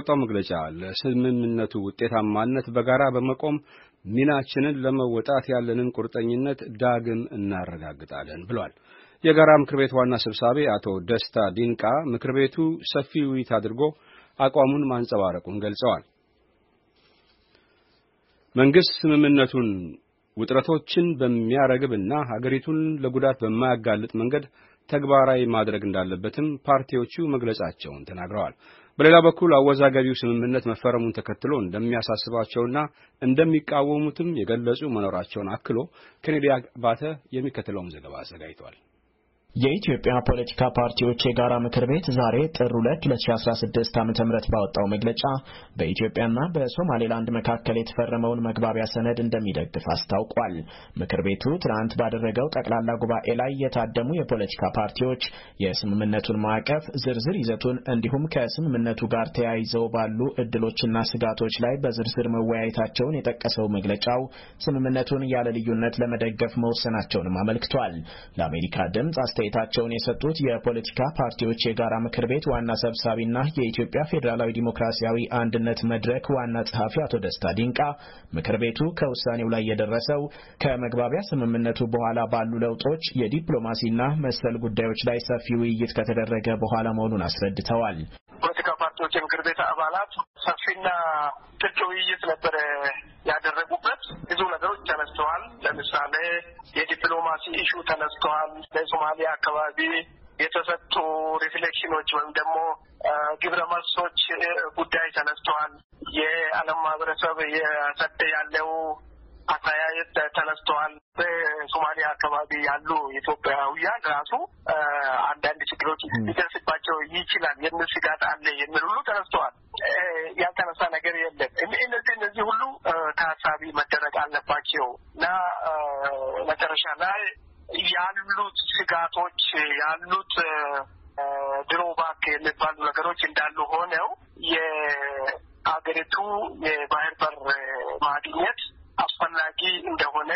የወጣው መግለጫ ለስምምነቱ ውጤታማነት በጋራ በመቆም ሚናችንን ለመወጣት ያለንን ቁርጠኝነት ዳግም እናረጋግጣለን ብሏል። የጋራ ምክር ቤት ዋና ሰብሳቢ አቶ ደስታ ዲንቃ ምክር ቤቱ ሰፊ ውይይት አድርጎ አቋሙን ማንጸባረቁን ገልጸዋል። መንግሥት ስምምነቱን ውጥረቶችን በሚያረግብና ሀገሪቱን ለጉዳት በማያጋልጥ መንገድ ተግባራዊ ማድረግ እንዳለበትም ፓርቲዎቹ መግለጻቸውን ተናግረዋል። በሌላ በኩል አወዛጋቢው ስምምነት መፈረሙን ተከትሎ እንደሚያሳስባቸውና እንደሚቃወሙትም የገለጹ መኖራቸውን አክሎ ኬኔዲ አባተ የሚከተለውን ዘገባ አዘጋጅቷል። የኢትዮጵያ ፖለቲካ ፓርቲዎች የጋራ ምክር ቤት ዛሬ ጥር 2 2016 ዓ ባወጣው መግለጫ በኢትዮጵያና በሶማሌላንድ መካከል የተፈረመውን መግባቢያ ሰነድ እንደሚደግፍ አስታውቋል። ምክር ቤቱ ትናንት ባደረገው ጠቅላላ ጉባኤ ላይ የታደሙ የፖለቲካ ፓርቲዎች የስምምነቱን ማዕቀፍ ዝርዝር ይዘቱን እንዲሁም ከስምምነቱ ጋር ተያይዘው ባሉ እድሎችና ስጋቶች ላይ በዝርዝር መወያየታቸውን የጠቀሰው መግለጫው ስምምነቱን ያለ ልዩነት ለመደገፍ መወሰናቸውንም አመልክቷል። ለአሜሪካ ድምጽ አስተያየታቸውን የሰጡት የፖለቲካ ፓርቲዎች የጋራ ምክር ቤት ዋና ሰብሳቢና የኢትዮጵያ ፌዴራላዊ ዲሞክራሲያዊ አንድነት መድረክ ዋና ጸሐፊ አቶ ደስታ ዲንቃ ምክር ቤቱ ከውሳኔው ላይ የደረሰው ከመግባቢያ ስምምነቱ በኋላ ባሉ ለውጦች የዲፕሎማሲና መሰል ጉዳዮች ላይ ሰፊ ውይይት ከተደረገ በኋላ መሆኑን አስረድተዋል። የወጣቶች የምክር ቤት አባላት ሰፊና ጥልቅ ውይይት ነበረ ያደረጉበት። ብዙ ነገሮች ተነስተዋል። ለምሳሌ የዲፕሎማሲ ኢሹ ተነስተዋል። ለሶማሊያ አካባቢ የተሰጡ ሪፍሌክሽኖች ወይም ደግሞ ግብረ መልሶች ጉዳይ ተነስተዋል። የዓለም ማህበረሰብ የሰጠ ያለው አስተያየት ተነስተዋል። በሶማሊያ አካባቢ ያሉ ኢትዮጵያውያን ራሱ አንዳንድ ችግሮች ሊደርስባቸው ይችላል የሚል ስጋት አለ የሚል ሁሉ ተነስተዋል። ያልተነሳ ነገር የለም። እነዚህ እነዚህ ሁሉ ታሳቢ መደረግ አለባቸው እና መጨረሻ ላይ ያሉት ስጋቶች ያሉት ድሮባክ የሚባሉ ነገሮች እንዳሉ ሆነው የአገሪቱ የባህር በር ማግኘት አስፈላጊ እንደሆነ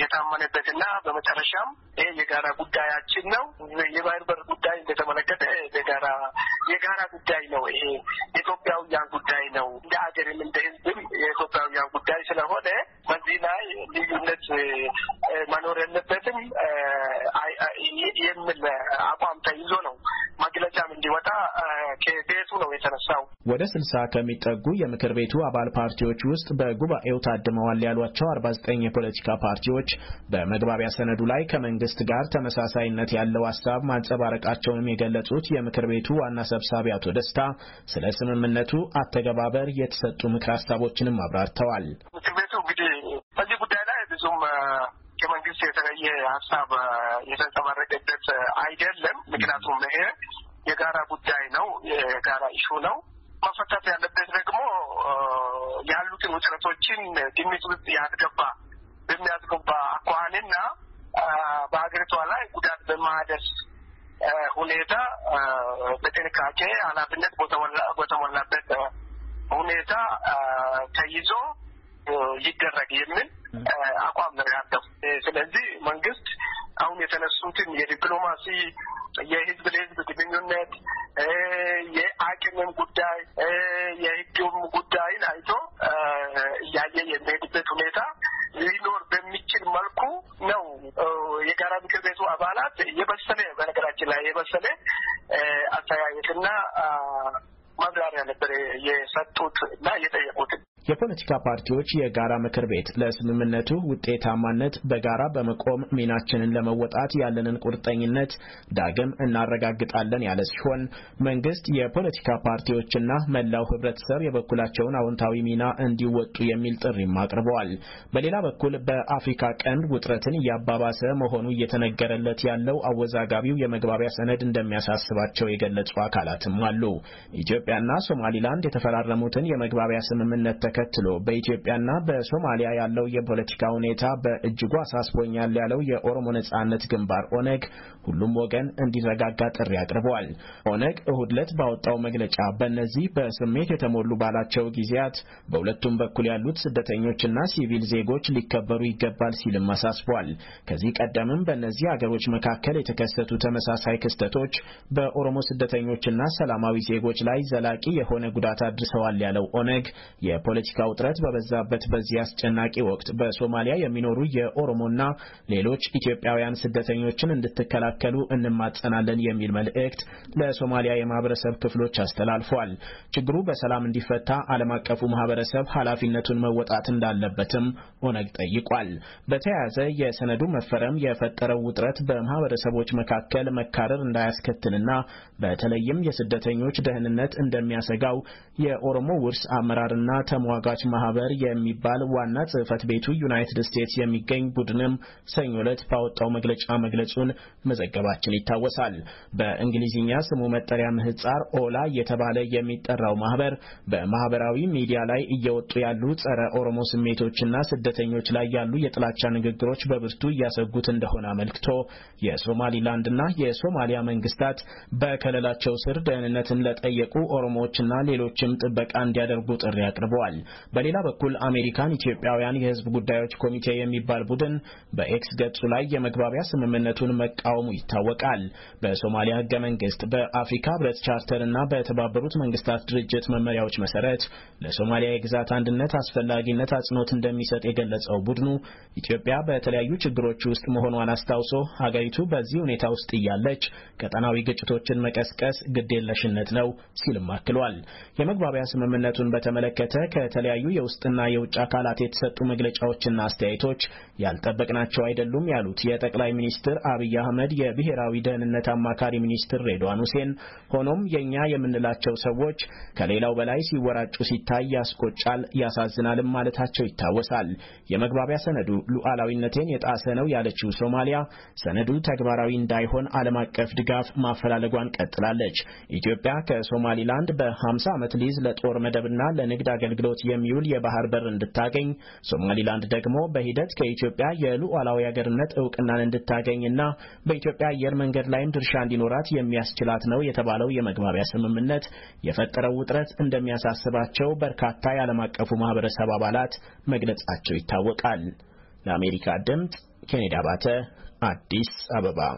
የታመነበትና በመጨረሻም ይህ የጋራ ጉዳያችን ነው። የባህር በር ጉዳይ እንደተመለከተ የጋራ የጋራ ጉዳይ ነው። ይሄ የኢትዮጵያውያን ጉዳይ ነው። እንደ ሀገርም እንደ ሕዝብም የኢትዮጵያውያን ጉዳይ ስለሆነ ስልሳ ከሚጠጉ የምክር ቤቱ አባል ፓርቲዎች ውስጥ በጉባኤው ታድመዋል ያሏቸው 49 የፖለቲካ ፓርቲዎች በመግባቢያ ሰነዱ ላይ ከመንግስት ጋር ተመሳሳይነት ያለው ሀሳብ ማንጸባረቃቸውንም የገለጹት የምክር ቤቱ ዋና ሰብሳቢ አቶ ደስታ ስለ ስምምነቱ አተገባበር የተሰጡ ምክር ሀሳቦችንም አብራርተዋል። ምክር ቤቱ እንግዲህ በዚህ ጉዳይ ላይ ብዙም ከመንግስት የተለየ ሀሳብ የተንጸባረቀበት አይደለም። ምክንያቱም ይሄ የጋራ ጉዳይ ነው፣ የጋራ ኢሹ ነው። ማስፈታት ያለበት ደግሞ ያሉትን ውጥረቶችን ግምት ውስጥ ያስገባ በሚያስገባ አኳኋንና በሀገሪቷ ላይ ጉዳት በማደስ ሁኔታ በጥንቃቄ ኃላፊነት በተሞላበት ሁኔታ ተይዞ ይደረግ የሚል አቋም ነው ያለው። ስለዚህ መንግስት አሁን የተነሱትን የዲፕሎማሲ የህዝብ ለህዝብ ግንኙነት የአቅምም ጉዳይ አስተያየትና ማብራሪያ ነበር የሰጡት እና የጠየቁት። የፖለቲካ ፓርቲዎች የጋራ ምክር ቤት ለስምምነቱ ውጤታማነት በጋራ በመቆም ሚናችንን ለመወጣት ያለንን ቁርጠኝነት ዳግም እናረጋግጣለን ያለ ሲሆን መንግስት የፖለቲካ ፓርቲዎችና መላው ህብረተሰብ የበኩላቸውን አዎንታዊ ሚና እንዲወጡ የሚል ጥሪም አቅርበዋል። በሌላ በኩል በአፍሪካ ቀንድ ውጥረትን እያባባሰ መሆኑ እየተነገረለት ያለው አወዛጋቢው የመግባቢያ ሰነድ እንደሚያሳስባቸው የገለጹ አካላትም አሉ። ኢትዮጵያና ሶማሊላንድ የተፈራረሙትን የመግባቢያ ስምምነት ተከትሎ በኢትዮጵያና በሶማሊያ ያለው የፖለቲካ ሁኔታ በእጅጉ አሳስቦኛል ያለው የኦሮሞ ነጻነት ግንባር ኦነግ ሁሉም ወገን እንዲረጋጋ ጥሪ አቅርበዋል። ኦነግ እሁድ ዕለት ባወጣው መግለጫ በእነዚህ በስሜት የተሞሉ ባላቸው ጊዜያት በሁለቱም በኩል ያሉት ስደተኞችና ሲቪል ዜጎች ሊከበሩ ይገባል ሲልም አሳስቧል። ከዚህ ቀደምም በእነዚህ አገሮች መካከል የተከሰቱ ተመሳሳይ ክስተቶች በኦሮሞ ስደተኞችና ሰላማዊ ዜጎች ላይ ዘላቂ የሆነ ጉዳት አድርሰዋል ያለው ኦነግ የፖለቲካ ውጥረት በበዛበት በዚህ አስጨናቂ ወቅት በሶማሊያ የሚኖሩ የኦሮሞና ሌሎች ኢትዮጵያውያን ስደተኞችን እንድትከላከሉ እንማጸናለን የሚል መልእክት ለሶማሊያ የማህበረሰብ ክፍሎች አስተላልፏል። ችግሩ በሰላም እንዲፈታ ዓለም አቀፉ ማህበረሰብ ኃላፊነቱን መወጣት እንዳለበትም ኦነግ ጠይቋል። በተያያዘ የሰነዱ መፈረም የፈጠረው ውጥረት በማህበረሰቦች መካከል መካረር እንዳያስከትልና በተለይም የስደተኞች ደህንነት እንደሚያሰጋው የኦሮሞ ውርስ አመራርና ተሞ ተሟጋች ማህበር የሚባል ዋና ጽህፈት ቤቱ ዩናይትድ ስቴትስ የሚገኝ ቡድንም ሰኞ ዕለት ባወጣው መግለጫ መግለጹን መዘገባችን ይታወሳል። በእንግሊዝኛ ስሙ መጠሪያ ምህጻር ኦላ እየተባለ የሚጠራው ማህበር በማህበራዊ ሚዲያ ላይ እየወጡ ያሉ ጸረ ኦሮሞ ስሜቶችና ስደተኞች ላይ ያሉ የጥላቻ ንግግሮች በብርቱ እያሰጉት እንደሆነ አመልክቶ የሶማሊላንድና የሶማሊያ መንግስታት በከለላቸው ስር ደህንነትን ለጠየቁ ኦሮሞዎችና ሌሎችም ጥበቃ እንዲያደርጉ ጥሪ አቅርበዋል። በሌላ በኩል አሜሪካን ኢትዮጵያውያን የህዝብ ጉዳዮች ኮሚቴ የሚባል ቡድን በኤክስ ገጹ ላይ የመግባቢያ ስምምነቱን መቃወሙ ይታወቃል። በሶማሊያ ህገ መንግስት፣ በአፍሪካ ህብረት ቻርተር እና በተባበሩት መንግስታት ድርጅት መመሪያዎች መሰረት ለሶማሊያ የግዛት አንድነት አስፈላጊነት አጽንኦት እንደሚሰጥ የገለጸው ቡድኑ ኢትዮጵያ በተለያዩ ችግሮች ውስጥ መሆኗን አስታውሶ ሀገሪቱ በዚህ ሁኔታ ውስጥ እያለች ቀጠናዊ ግጭቶችን መቀስቀስ ግዴለሽነት ነው ሲልም አክሏል። የመግባቢያ ስምምነቱን በተመለከተ ከተለያዩ የውስጥና የውጭ አካላት የተሰጡ መግለጫዎችና አስተያየቶች ያልጠበቅናቸው አይደሉም ያሉት የጠቅላይ ሚኒስትር አብይ አህመድ የብሔራዊ ደህንነት አማካሪ ሚኒስትር ሬድዋን ሁሴን፣ ሆኖም የእኛ የምንላቸው ሰዎች ከሌላው በላይ ሲወራጩ ሲታይ ያስቆጫል፣ ያሳዝናልም ማለታቸው ይታወሳል። የመግባቢያ ሰነዱ ሉዓላዊነቴን የጣሰ ነው ያለችው ሶማሊያ ሰነዱ ተግባራዊ እንዳይሆን ዓለም አቀፍ ድጋፍ ማፈላለጓን ቀጥላለች። ኢትዮጵያ ከሶማሊላንድ በ50 ዓመት ሊዝ ለጦር መደብና ለንግድ አገልግሎት አገልግሎት የሚውል የባህር በር እንድታገኝ፣ ሶማሊላንድ ደግሞ በሂደት ከኢትዮጵያ የሉዓላዊ አገርነት እውቅናን እንድታገኝና በኢትዮጵያ አየር መንገድ ላይም ድርሻ እንዲኖራት የሚያስችላት ነው የተባለው የመግባቢያ ስምምነት የፈጠረው ውጥረት እንደሚያሳስባቸው በርካታ የዓለም አቀፉ ማህበረሰብ አባላት መግለጻቸው ይታወቃል። ለአሜሪካ ድምፅ ኬኔዲ አባተ አዲስ አበባ